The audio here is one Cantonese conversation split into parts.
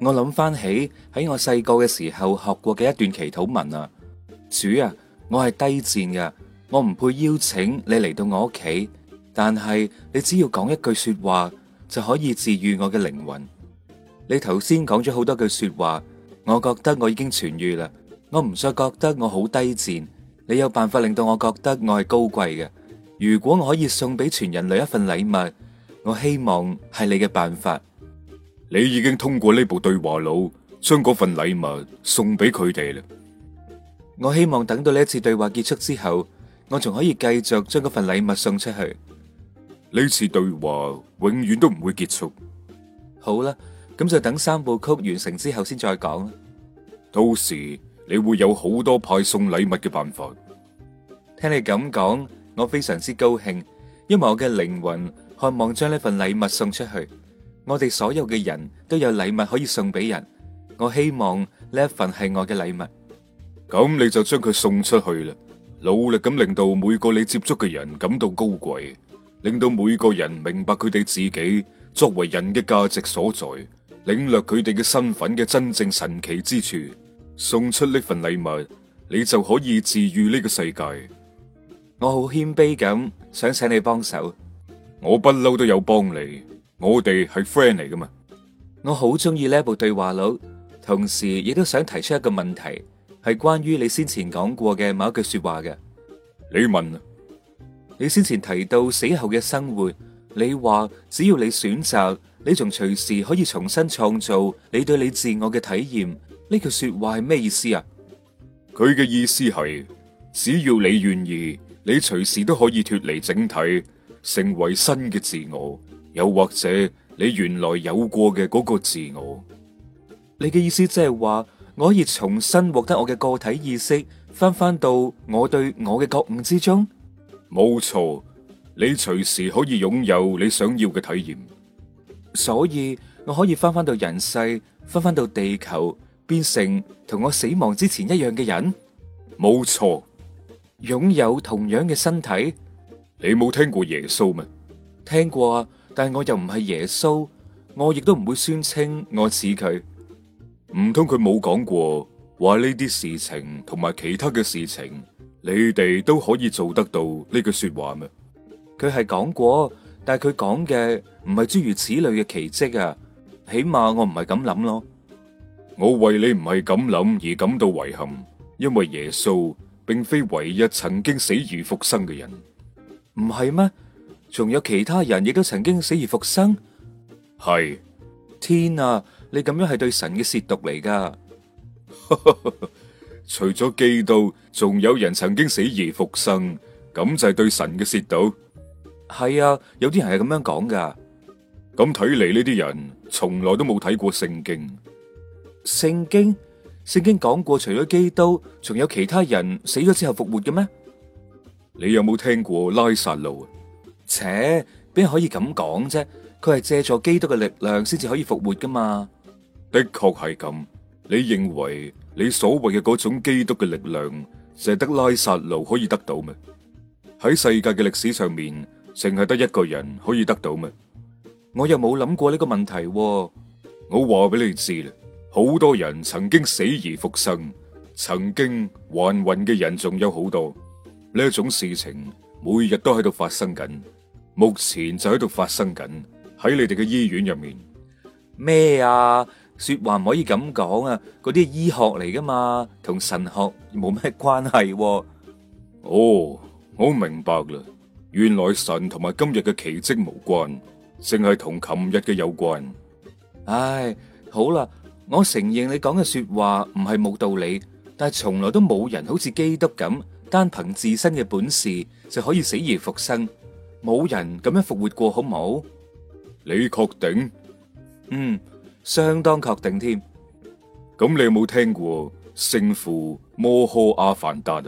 我諗翻起喺我細個嘅時候學過嘅一段祈禱文啊，主啊，我係低賤嘅，我唔配邀請你嚟到我屋企，但係你只要講一句說話就可以治癒我嘅靈魂。你頭先講咗好多句說話，我覺得我已經痊癒啦，我唔再覺得我好低賤。你有辦法令到我覺得我係高貴嘅？如果我可以送俾全人類一份禮物，我希望係你嘅辦法。你已經通過呢部對話腦將嗰份禮物送俾佢哋啦。我希望等到呢次對話結束之後，我仲可以繼續將嗰份禮物送出去。呢次對話永遠都唔會結束。好啦，咁就等三部曲完成之後先再講啦。到時你會有好多派送禮物嘅辦法。聽你咁講，我非常之高興，因為我嘅靈魂渴望將呢份禮物送出去。我哋所有嘅人都有禮物可以送俾人，我希望呢一份係我嘅禮物。咁你就將佢送出去啦，努力咁令到每個你接觸嘅人感到高貴，令到每個人明白佢哋自己作為人嘅價值所在，領略佢哋嘅身份嘅真正神奇之處。送出呢份禮物，你就可以治癒呢個世界。我好謙卑咁，想請你幫手。我不嬲都有幫你。我哋係 friend 嚟噶嘛？我好中意呢部對話錄，同時亦都想提出一個問題，係關於你先前講過嘅某一句說話嘅。你問，你先前提到死後嘅生活，你話只要你選擇，你仲隨時可以重新創造你對你自我嘅體驗。呢句說話係咩意思啊？佢嘅意思係，只要你願意，你隨時都可以脫離整體，成為新嘅自我。又或者你原來有過嘅嗰個自我，你嘅意思即係話，我可以重新獲得我嘅個體意識，返返到我對我嘅覺悟之中？冇錯，你隨時可以擁有你想要嘅體驗，所以我可以返返到人世，返返到地球，變成同我死亡之前一樣嘅人？冇錯，擁有同樣嘅身體？你冇聽過耶穌咩？聽過啊。但我又唔係耶穌，我亦都唔會宣稱我似佢。唔通佢冇講過話呢啲事情同埋其他嘅事情，你哋都可以做得到呢句說話咩？佢係講過，但係佢講嘅唔係諸如此類嘅奇迹啊。起碼我唔係咁諗咯。我為你唔係咁諗而感到遺憾，因為耶穌並非唯一曾經死而復生嘅人，唔係咩？仲有其他人亦都曾經死而復生，係是天啊！你咁樣係對神嘅褻瀆嚟噶。 除咗基督，仲有人曾經死而復生，咁就係對神嘅褻瀆。係啊，有啲人係咁樣講噶。咁睇嚟呢啲人從來都冇睇過聖經。聖經聖經講過，除咗基督，仲有其他人死咗之後復活嘅咩？你有冇聽過拉撒路啊？且邊可以咁講啫？佢係借助基督嘅力量先至可以復活噶嘛？的確係咁。你認為你所謂嘅嗰種基督嘅力量，淨係得拉撒路可以得到咩？喺世界嘅歷史上面，淨係得一個人可以得到咩？我又冇諗過呢個問題喎。我話俾你知啦，好多人曾經死而復生，曾經還魂嘅人仲有好多。呢一種事情。每日都喺度發生緊，目前就喺度發生緊，喺你哋嘅醫院入面。咩啊？說話唔可以咁講啊！嗰啲醫學嚟噶嘛，同神學冇咩關係。哦，我明白啦，原來神同埋今日嘅奇蹟無關，淨係同琴日嘅有關。唉，好啦，我承認你講嘅說話唔係冇道理，但係從來都冇人好似基督咁，單憑自身嘅本事就可以死而復生，冇人咁樣復活過，好冇？你確定？嗯，相當確定添。咁你有冇聽過聖父摩訶阿凡達啊？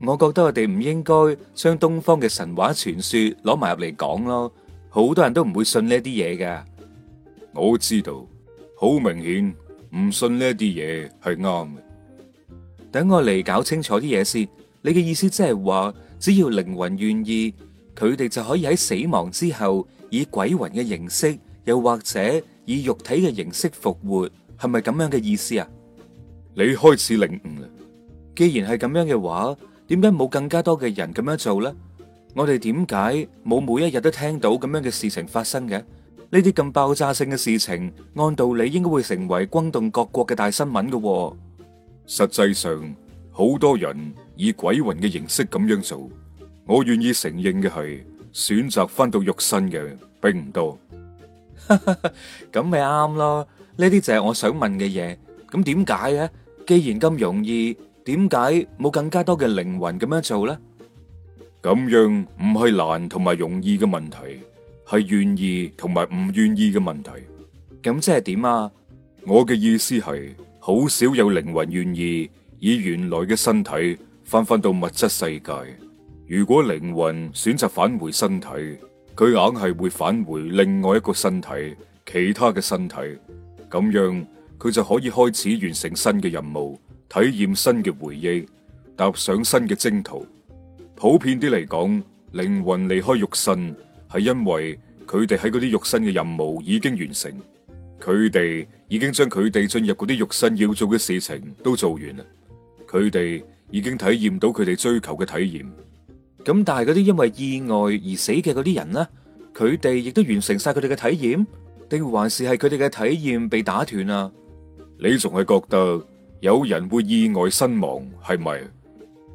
我覺得我哋唔應該將東方嘅神話傳說攞埋入嚟講咯，好多人都唔會信呢一啲嘢嘅。我知道，好明顯唔信呢一啲嘢係啱嘅。等我嚟搞清楚啲嘢先。你嘅意思即係話，只要靈魂願意，佢哋就可以喺死亡之後以鬼魂嘅形式，又或者以肉體嘅形式復活，係咪咁樣嘅意思啊？你開始領悟啦。既然係咁樣嘅話，點解冇更加多嘅人咁樣做咧？我哋點解冇每一日都聽到咁樣嘅事情發生嘅？呢啲咁爆炸性嘅事情，按道理應該會成為轟動各國嘅大新聞嘅喎。實際上，好多人。以鬼魂嘅形式咁樣做，我願意承認嘅係選擇翻到肉身嘅，並唔多。咁咪啱咯，呢啲就係我想問嘅嘢。咁點解啊？既然咁容易，點解冇更加多嘅靈魂咁樣做呢？咁樣唔係難同埋容易嘅問題，係願意同埋唔願意嘅問題。咁即係點啊？我嘅意思係好少有靈魂願意以原來嘅身體。翻翻到物質世界，如果靈魂選擇返回身體，佢硬係會返回另外一個身體，其他嘅身體，咁樣佢就可以開始完成新嘅任務，體驗新嘅回憶，踏上新嘅征途。普遍啲嚟講，靈魂離開肉身係因為佢哋喺嗰啲肉身嘅任務已經完成，佢哋已經將佢哋進入嗰啲肉身要做嘅事情都做完啦，佢哋。已經體驗到佢哋追求嘅體驗，咁但係嗰啲因為意外而死嘅嗰啲人呢？佢哋亦都完成晒佢哋嘅體驗，定還是係佢哋嘅體驗被打斷啊？你仲係覺得有人會意外身亡係咪？是是，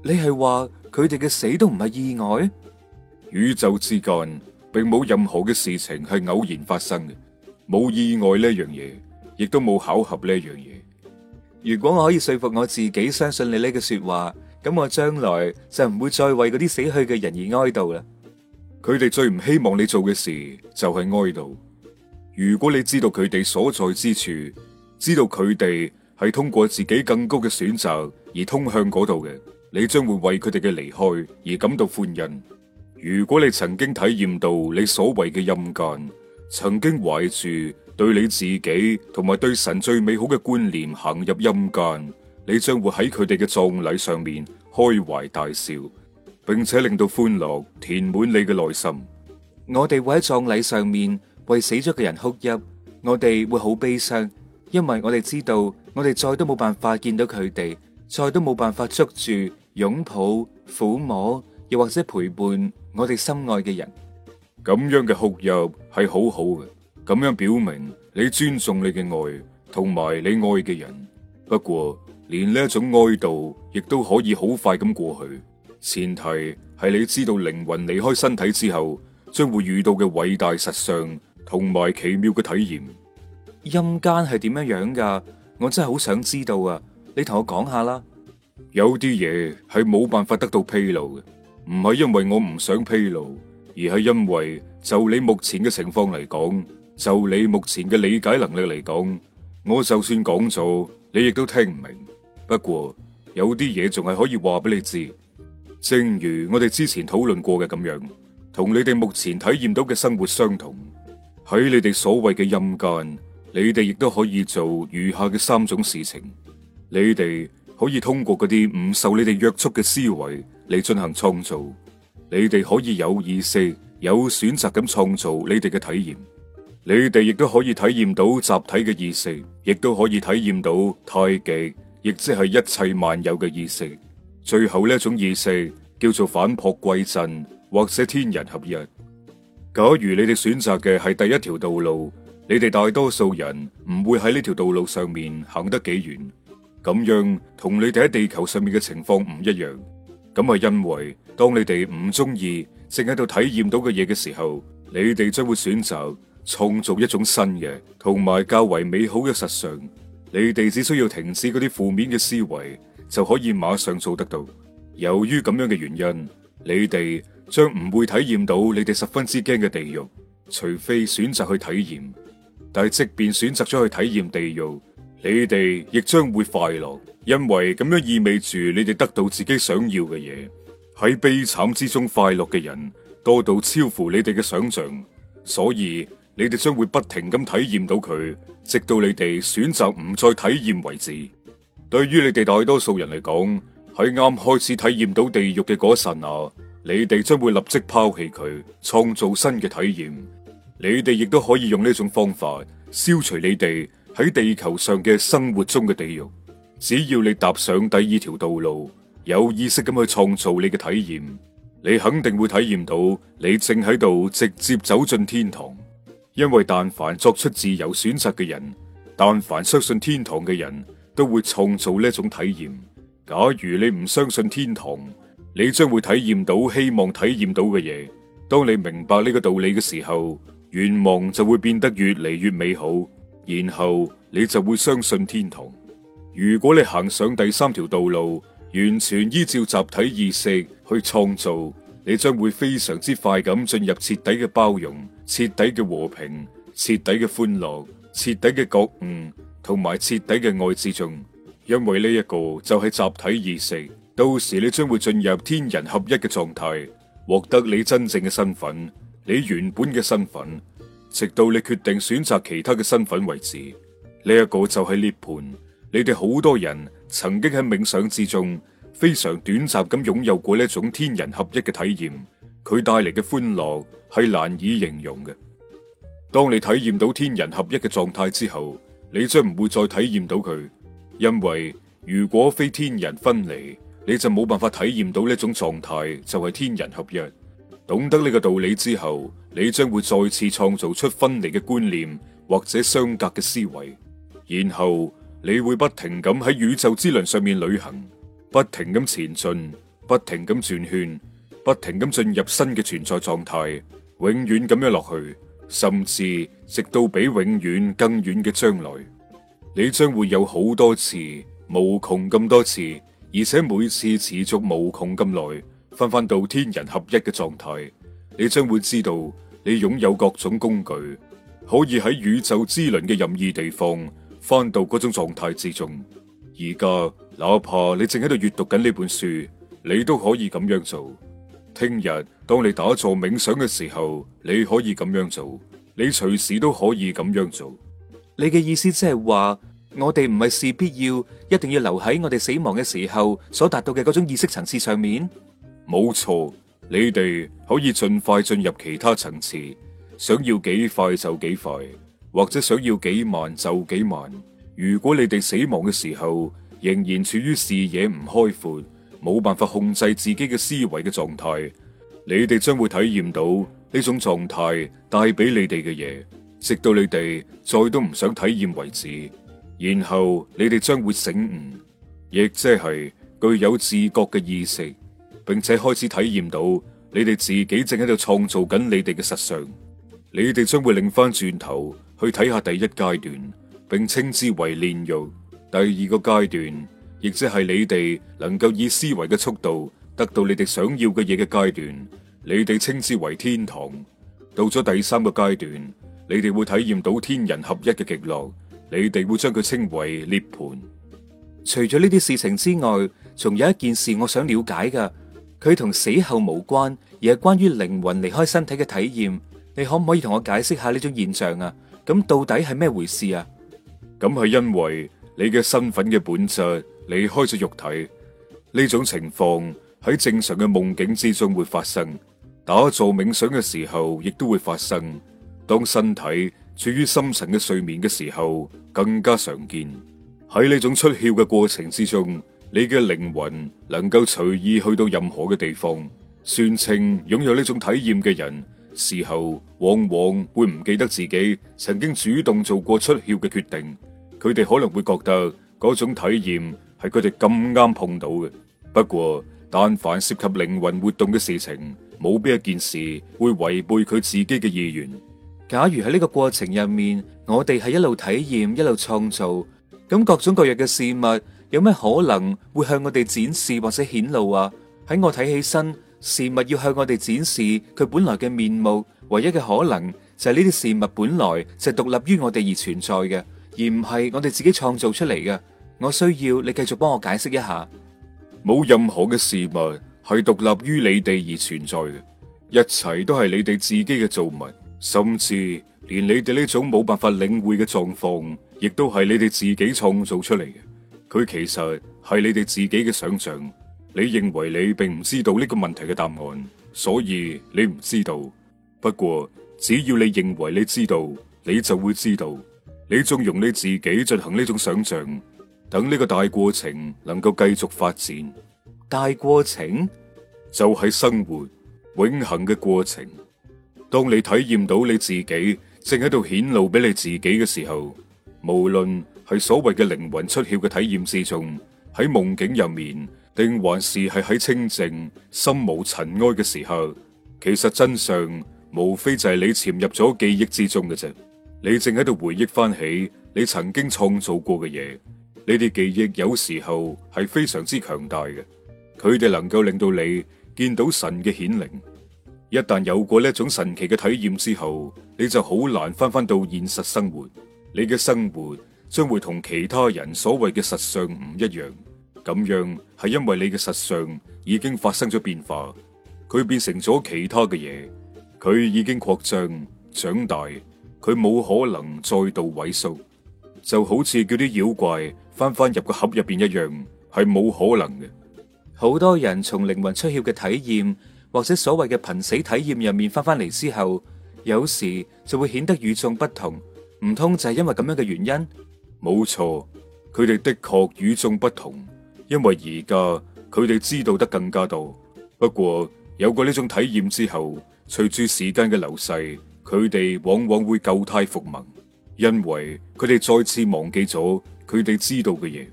你係話佢哋嘅死都唔係意外？宇宙之間並冇任何嘅事情係偶然發生嘅，冇意外呢樣嘢，亦都冇巧合呢樣嘢。如果我可以說服我自己相信你呢句說話，咁我將來就唔會再為嗰啲死去嘅人而哀悼啦。佢哋最唔希望你做嘅事就係、是、哀悼。如果你知道佢哋所在之處，知道佢哋係通過自己更高嘅選擇而通向嗰度嘅，你將會為佢哋嘅離開而感到歡欣。如果你曾經體驗到你所謂嘅陰間，曾經懷住。對你自己同埋對神最美好嘅觀念行入陰間，你將會喺佢哋嘅葬禮上面開懷大笑，並且令到歡樂填滿你嘅內心。我哋會喺葬禮上面為死咗嘅人哭泣，我哋會好悲傷，因為我哋知道我哋再都冇辦法見到佢哋，再都冇辦法捉住、擁抱、撫摸，又或者陪伴我哋心愛嘅人。咁樣嘅哭泣係好好嘅。咁樣表明你尊重你嘅愛同埋你愛嘅人。不過，連呢種哀悼亦都可以好快咁過去。前提係你知道靈魂離開身體之後，將會遇到嘅偉大實相同埋奇妙嘅體驗。陰間係點樣樣噶？我真係好想知道啊！你同我講下啦。有啲嘢係冇辦法得到披露嘅，唔係因為我唔想披露，而係因為就你目前嘅情況嚟講。就你目前嘅理解能力嚟講，我就算講咗，你亦都聽唔明。不過有啲嘢仲係可以話俾你知。正如我哋之前討論過嘅咁樣，同你哋目前體驗到嘅生活相同。喺你哋所謂嘅陰間，你哋亦都可以做餘下嘅三種事情。你哋可以通過嗰啲唔受你哋約束嘅思維嚟進行創造。你哋可以有意識、有選擇咁創造你哋嘅體驗。你哋亦都可以體驗到集體嘅意識，亦都可以體驗到太極，亦即係一切萬有嘅意識。最後呢一種意識叫做反璞歸真，或者天人合一。假如你哋選擇嘅係第一條道路，你哋大多數人唔會喺呢條道路上面行得幾遠。咁樣同你哋喺地球上面嘅情況唔一樣。咁係因為當你哋唔中意正喺度體驗到嘅嘢嘅時候，你哋將會選擇。創造一種新嘅，同埋較為美好嘅實相。你哋只需要停止嗰啲負面嘅思維，就可以馬上做得到。由於咁樣嘅原因，你哋將唔會體驗到你哋十分之驚嘅地獄，除非選擇去體驗。但係即便選擇咗去體驗地獄，你哋亦將會快樂，因為咁樣意味住你哋得到自己想要嘅嘢。喺悲慘之中快樂嘅人多到超乎你哋嘅想象，所以，你哋將會不停咁體驗到佢，直到你哋選擇唔再體驗為止。對於你哋大多數人嚟講，喺啱開始體驗到地獄嘅嗰一剎那，你哋將會立即拋棄佢，創造新嘅體驗。你哋亦都可以用呢種方法消除你哋喺地球上嘅生活中嘅地獄。只要你踏上第二條道路，有意識咁去創造你嘅體驗，你肯定會體驗到你正喺度直接走進天堂。因為但凡作出自由選擇嘅人，但凡相信天堂嘅人，都會創造呢一種體驗。假如你唔相信天堂，你將會體驗到希望體驗到嘅嘢。當你明白呢個道理嘅時候，願望就會變得越嚟越美好，然後你就會相信天堂。如果你行上第三條道路，完全依照集體意識去創造，你將會非常之快咁進入徹底嘅包容。徹底嘅和平、徹底嘅歡樂、徹底嘅覺悟同埋徹底嘅愛之中，因為呢一個就係集體意識。到時你將會進入天人合一嘅狀態，獲得你真正嘅身份，你原本嘅身份，直到你決定選擇其他嘅身份為止。呢一個就係涅槃。你哋好多人曾經喺冥想之中非常短暫咁擁有過呢種天人合一嘅體驗。佢帶嚟嘅歡樂係難以形容嘅。當你體驗到天人合一嘅狀態之後，你將唔會再體驗到佢，因為如果非天人分離，你就冇辦法體驗到呢種狀態就係天人合一。懂得呢個道理之後，你將會再次創造出分離嘅觀念或者相隔嘅思維，然後你會不停咁喺宇宙之輪上面旅行，不停咁前進，不停咁轉圈。不停咁進入新嘅存在狀態，永遠咁樣落去，甚至直到比永遠更遠嘅將來，你將會有好多次無窮咁多次，而且每次持續無窮咁耐，翻返到天人合一嘅狀態，你將會知道你擁有各種工具，可以喺宇宙之輪嘅任意地方翻到嗰種狀態之中。而家哪怕你正喺度閱讀緊呢本書，你都可以咁樣做。聽日當你打坐冥想嘅時候，你可以咁樣做，你隨時都可以咁樣做。你嘅意思即係話，我哋唔係事必要一定要留喺我哋死亡嘅時候所達到嘅嗰種意識層次上面？冇錯，你哋可以盡快進入其他層次，想要幾快就幾快，或者想要幾慢就幾慢。如果你哋死亡嘅時候仍然處於視野唔開闊。冇辦法控制自己嘅思維嘅狀態，你哋將會體驗到呢種狀態帶俾你哋嘅嘢，直到你哋再都唔想體驗為止。然後你哋將會醒悟，亦即係具有自覺嘅意識，並且開始體驗到你哋自己正喺度創造緊你哋嘅實相。你哋將會擰翻轉頭去睇下第一階段，並稱之為煉獄。第二個階段。亦即係你哋能夠以思維嘅速度得到你哋想要嘅嘢嘅階段，你哋稱之為天堂。到咗第三個階段，你哋會體驗到天人合一嘅極樂，你哋會將佢稱為涅槃。除咗呢啲事情之外，仲有一件事我想了解嘅，佢同死後無關，而係關於靈魂離開身體嘅體驗。你可唔可以同我解釋下呢種現象啊？咁到底係咩回事啊？咁係因為你嘅身份嘅本質。離開咗肉體，呢種情況喺正常嘅夢境之中會發生，打坐冥想嘅時候亦都會發生。當身體處於深層嘅睡眠嘅時候，更加常見。喺呢種出竅嘅過程之中，你嘅靈魂能夠隨意去到任何嘅地方。宣稱擁有呢種體驗嘅人，事後往往會唔記得自己曾經主動做過出竅嘅決定。佢哋可能會覺得嗰種體驗係佢哋咁啱碰到嘅，不過但凡涉及靈魂活動嘅事情，冇邊一件事會違背佢自己嘅意願。假如喺呢個過程入面，我哋係一路體驗一路創造，咁各種各樣嘅事物，有咩可能會向我哋展示或者顯露啊？喺我睇起身，事物要向我哋展示佢本來嘅面目，唯一嘅可能就係呢啲事物本來就獨立於我哋而存在嘅，而唔係我哋自己創造出嚟嘅。我需要你繼續幫我解釋一下，冇任何嘅事物係獨立於你哋而存在嘅，一切都係你哋自己嘅造物，甚至連你哋呢種冇辦法領會嘅狀況，亦都係你哋自己創造出嚟嘅。佢其實係你哋自己嘅想象，你認為你並唔知道呢個問題嘅答案，所以你唔知道。不過，只要你認為你知道，你就會知道。你縱容你自己進行呢種想象。等呢個大過程能夠繼續發展，大過程就係生活永恒嘅過程。當你體驗到你自己正喺度顯露俾你自己嘅時候，無論係所謂嘅靈魂出竅嘅體驗之中，喺夢境入面，定還是係喺清靜心無塵埃嘅時候，其實真相無非就係你潛入咗記憶之中嘅啫。你正喺度回憶翻起你曾經創造過嘅嘢。呢啲記憶有時候係非常之強大嘅，佢哋能夠令到你見到神嘅顯靈。一旦有過呢一種神奇嘅體驗之後，你就好難返返到現實生活。你嘅生活將會同其他人所謂嘅實相唔一樣。咁樣係因為你嘅實相已經發生咗變化，佢變成咗其他嘅嘢，佢已經擴張、長大，佢冇可能再度萎縮。就好似叫啲妖怪。翻翻入個盒入邊一樣，係冇可能嘅。好多人從靈魂出竅嘅體驗或者所謂嘅瀕死體驗入面翻翻嚟之後，有時就會顯得與眾不同。唔通就係因為咁樣嘅原因？冇錯，佢哋的確與眾不同，因為而家佢哋知道得更加多。不過有過呢種體驗之後，隨住時間嘅流逝，佢哋往往會舊態復萌，因為佢哋再次忘記咗。佢哋知道嘅嘢，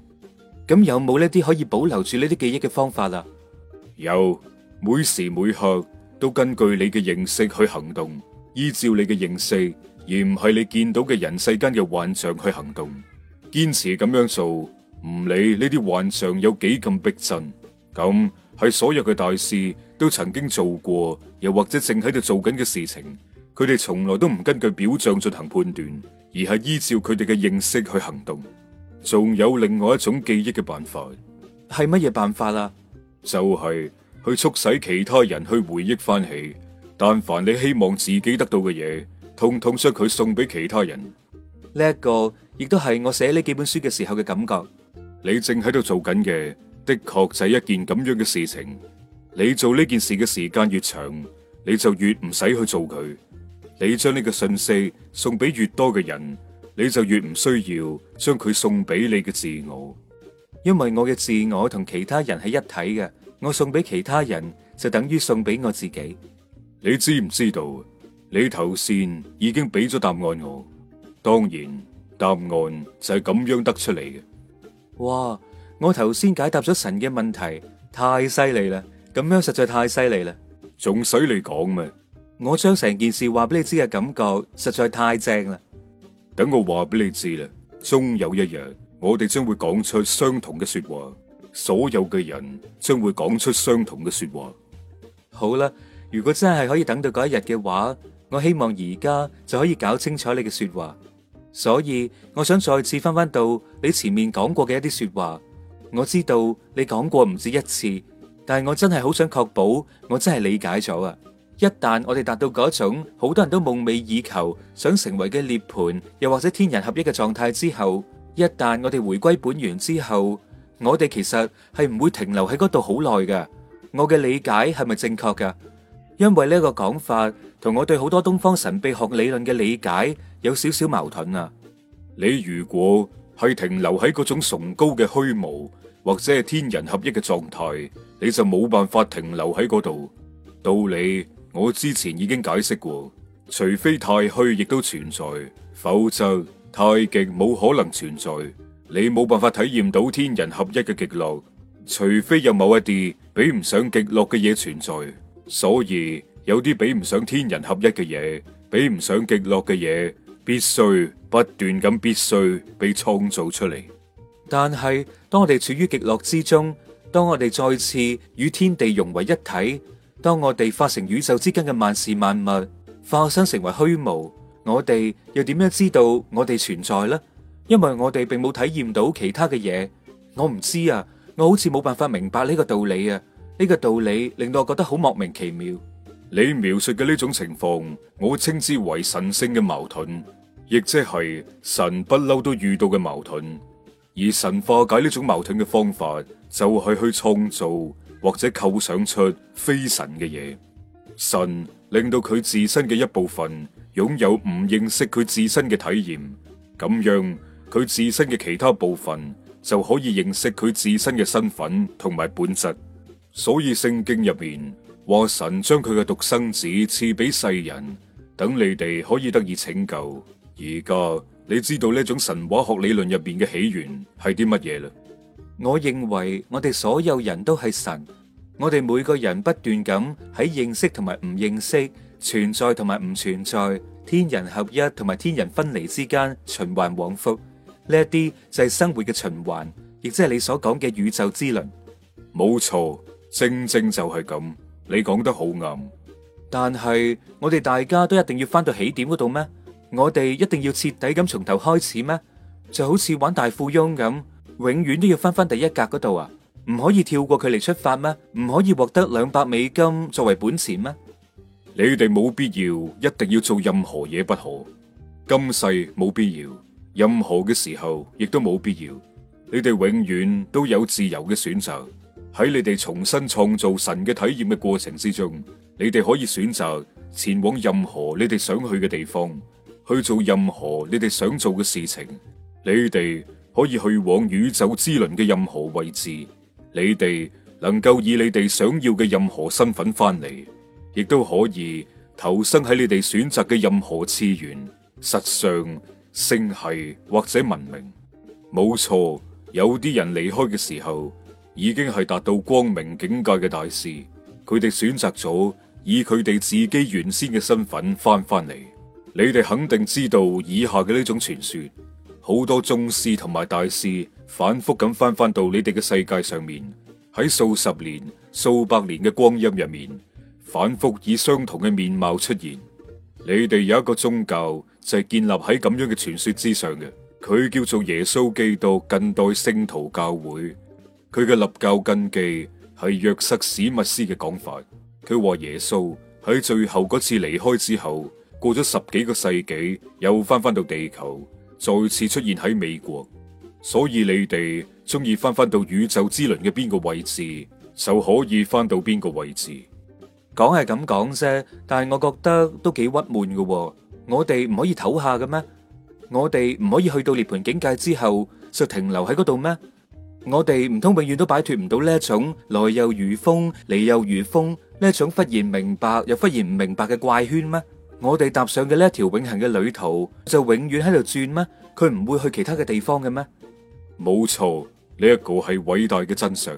咁有冇呢啲可以保留住呢啲記憶嘅方法呀？有，每時每刻都根據你嘅認識去行動，依照你嘅認識而唔係你見到嘅人世間嘅幻象去行動。堅持咁樣做，唔理呢啲幻象有幾咁逼真，咁係所有嘅大師都曾經做過，又或者正喺度做緊嘅事情。佢哋從來都唔根據表象進行判斷，而係依照佢哋嘅認識去行動。仲有另外一種記憶嘅辦法，係乜嘢辦法啊？就係去促使其他人去回憶翻起。但凡你希望自己得到嘅嘢，通通將佢送俾其他人。呢一個亦都係我寫呢幾本書嘅時候嘅感覺。你正喺度做緊嘅，的確就係一件咁樣嘅事情。你做呢件事嘅時間越長，你就越唔使去做佢。你將呢個信息送俾越多嘅人。你就越唔需要將佢送俾你嘅自我，因為我嘅自我同其他人係一體嘅，我送俾其他人就等於送俾我自己。你知唔知道？你頭先已經俾咗答案我，當然答案就係咁樣得出嚟嘅。哇！我頭先解答咗神嘅問題，太犀利啦！咁樣實在太犀利啦，仲使你講咩？我將成件事話俾你知嘅感覺實在太正啦。等我話俾你知啦，終有一日，我哋將會講出相同嘅說話，所有嘅人將會講出相同嘅說話。好啦，如果真係可以等到嗰一日嘅話，我希望而家就可以搞清楚你嘅說話。所以我想再次返返到你前面講過嘅一啲說話，我知道你講過唔止一次，但係我真係好想確保我真係理解咗啊。一旦我哋達到嗰種好多人都夢寐以求、想成為嘅涅盤，又或者天人合一嘅狀態之後，一旦我哋回歸本源之後，我哋其實係唔會停留喺嗰度好耐㗎。我嘅理解係咪正確噶？因為呢一個講法同我對好多東方神秘學理論嘅理解有少少矛盾啊。你如果係停留喺嗰種崇高嘅虛無，或者係天人合一嘅狀態，你就冇辦法停留喺嗰度。道理。我之前已經解釋過，除非太虛亦都存在，否則太極冇可能存在。你冇辦法體驗到天人合一嘅極樂，除非有某一啲比唔上極樂嘅嘢存在。所以有啲比唔上天人合一嘅嘢，比唔上極樂嘅嘢，必須不斷咁必須被創造出嚟。但係當我哋處於極樂之中，當我哋再次與天地融為一體。當我哋化成宇宙之間嘅萬事萬物，化身成為虛無，我哋又點樣知道我哋存在呢？因為我哋並冇體驗到其他嘅嘢，我唔知啊！我好似冇辦法明白呢個道理啊！呢、這個道理令到我覺得好莫名其妙。你描述嘅呢種情況，我稱之為神聖嘅矛盾，亦即係神不嬲都遇到嘅矛盾。而神化解呢種矛盾嘅方法，就係、是、去創造。或者構想出非神嘅嘢，神令到佢自身嘅一部分擁有唔認識佢自身嘅體驗，咁樣佢自身嘅其他部分就可以認識佢自身嘅身份同埋本質。所以聖經入面話神將佢嘅獨生子賜俾世人，等你哋可以得以拯救。而家你知道呢種神話學理論入面嘅起源係啲乜嘢嘞？我認為我哋所有人都係神，我哋每個人不斷咁喺認識同埋唔認識、存在同埋唔存在、天人合一同埋天人分離之間循環往復，呢一啲就係生活嘅循環，亦即係你所講嘅宇宙之輪。冇錯，正正就係咁，你講得好啱。但係我哋大家都一定要翻到起點嗰度咩？我哋一定要徹底咁從頭開始咩？就好似玩大富翁咁。永遠都要翻翻第一格嗰度啊！唔可以跳過佢嚟,出發咩？唔可以獲得兩百美金作為本錢咩？你哋冇必要一定要做任何嘢不可，今世冇必要，任何嘅時候亦都冇必要。你哋永遠都有自由嘅選擇。喺你哋重新創造神嘅體驗嘅過程之中，你哋可以選擇前往任何你哋想去嘅地方，去做任何你哋想做嘅事情。你哋。可以去往宇宙之輪嘅任何位置，你哋能夠以你哋想要嘅任何身份翻嚟，亦都可以投身喺你哋選擇嘅任何次元、實相、星系或者文明。冇錯，有啲人離開嘅時候，已經係達到光明境界嘅大師，佢哋選擇咗以佢哋自己原先嘅身份翻翻嚟。你哋肯定知道以下嘅呢種傳說。好多宗師同埋大師反覆咁翻返到你哋嘅世界上面，喺數十年、數百年嘅光陰入面，反覆以相同嘅面貌出現。你哋有一個宗教就係、是、建立喺咁樣嘅傳說之上嘅，佢叫做耶穌基督近代聖徒教會。佢嘅立教根基係約瑟史密斯嘅講法。佢話耶穌喺最後嗰次離開之後，過咗十幾個世紀，又翻返到地球。再次出現喺美國，所以你哋中意翻翻到宇宙之輪嘅邊個位置，就可以翻到邊個位置。講係咁講啫，但係我覺得都幾鬱悶嘅。我哋唔可以唞下嘅咩？我哋唔可以去到涅盤境界之後，就停留喺嗰度咩？我哋唔通永遠都擺脫唔到呢一種來又如風，離又如風，呢一種忽然明白又忽然唔明白嘅怪圈咩？我哋踏上嘅呢一條永恒嘅旅途，就永遠喺度轉咩？佢唔會去其他嘅地方嘅咩？冇錯，呢一個係偉大嘅真相。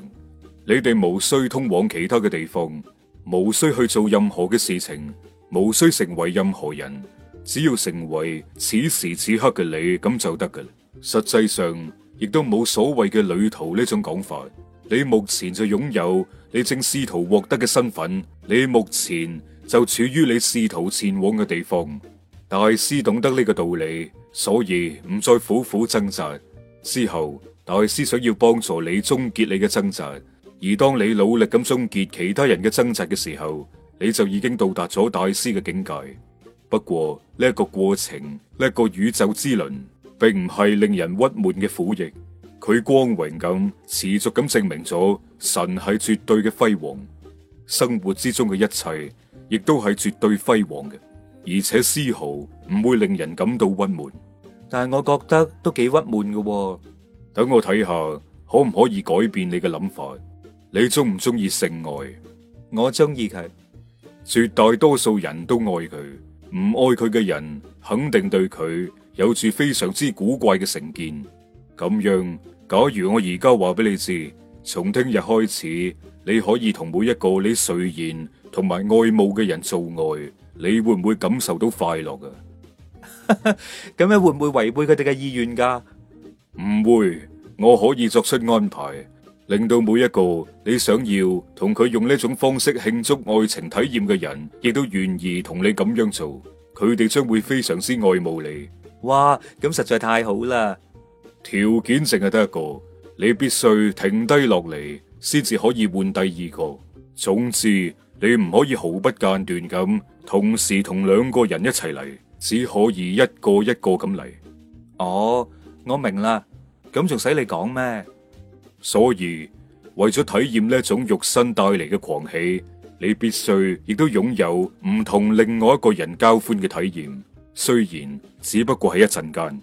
你哋無需通往其他嘅地方，無需去做任何嘅事情，無需成為任何人，只要成為此時此刻嘅你咁就得噶啦。實際上，亦都冇所謂嘅旅途呢種講法。你目前就擁有你正試圖獲得嘅身份，你目前。就處於你試圖前往嘅地方。大師懂得呢個道理，所以唔再苦苦掙扎。之後，大師想要幫助你終結你嘅掙扎。而當你努力咁終結其他人嘅掙扎嘅時候，你就已經到達咗大師嘅境界。不過呢個過程，呢個宇宙之輪，並唔係令人鬱悶嘅苦役。佢光榮咁持續咁證明咗神係絕對嘅輝煌。生活之中嘅一切。亦都係絕對輝煌嘅，而且絲毫唔會令人感到鬱悶。但係我覺得都幾鬱悶嘅。等我睇下可唔可以改變你嘅諗法。你中唔中意性愛？我中意佢。絕大多數人都愛佢，唔愛佢嘅人肯定對佢有住非常之古怪嘅成見。咁樣，假如我而家話俾你知，從聽日開始，你可以同每一個你睡然。同埋愛慕嘅人做愛，你會唔會感受到快樂啊？咁樣會唔會違背佢哋嘅意願噶？唔會，我可以作出安排，令到每一個你想要同佢用呢種方式慶祝愛情體驗嘅人，亦都願意同你咁樣做。佢哋將會非常之愛慕你。哇，咁實在太好啦！條件淨係得一個，你必須停低落嚟，先至可以換第二個。總之。你唔可以毫不間斷咁同時同兩個人一齊嚟，只可以一個一個咁嚟。哦，我明啦，咁仲使你講咩？所以為咗體驗呢種肉身帶嚟嘅狂喜，你必須亦都擁有唔同另外一個人交歡嘅體驗，雖然只不過係一陣間。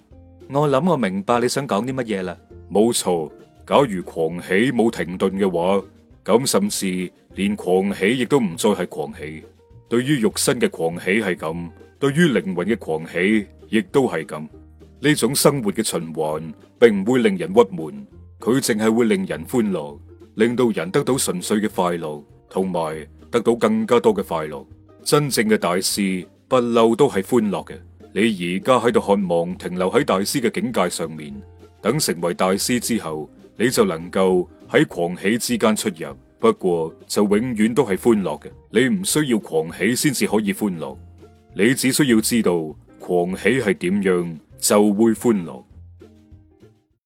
我諗我明白你想講啲乜嘢啦。冇錯，假如狂喜冇停頓嘅話，咁甚至，連狂喜亦都唔再係狂喜，對於肉身嘅狂喜係咁，對於靈魂嘅狂喜亦都係咁。呢種生活嘅循環並唔會令人鬱悶，佢淨係會令人歡樂，令到人得到純粹嘅快樂，同埋得到更加多嘅快樂。真正嘅大師不嬲都係歡樂嘅。你而家喺度渴望停留喺大師嘅境界上面，等成為大師之後，你就能夠喺狂喜之間出入。不過就永遠都係歡樂嘅，你唔需要狂喜先至可以歡樂，你只需要知道狂喜係點樣就會歡樂。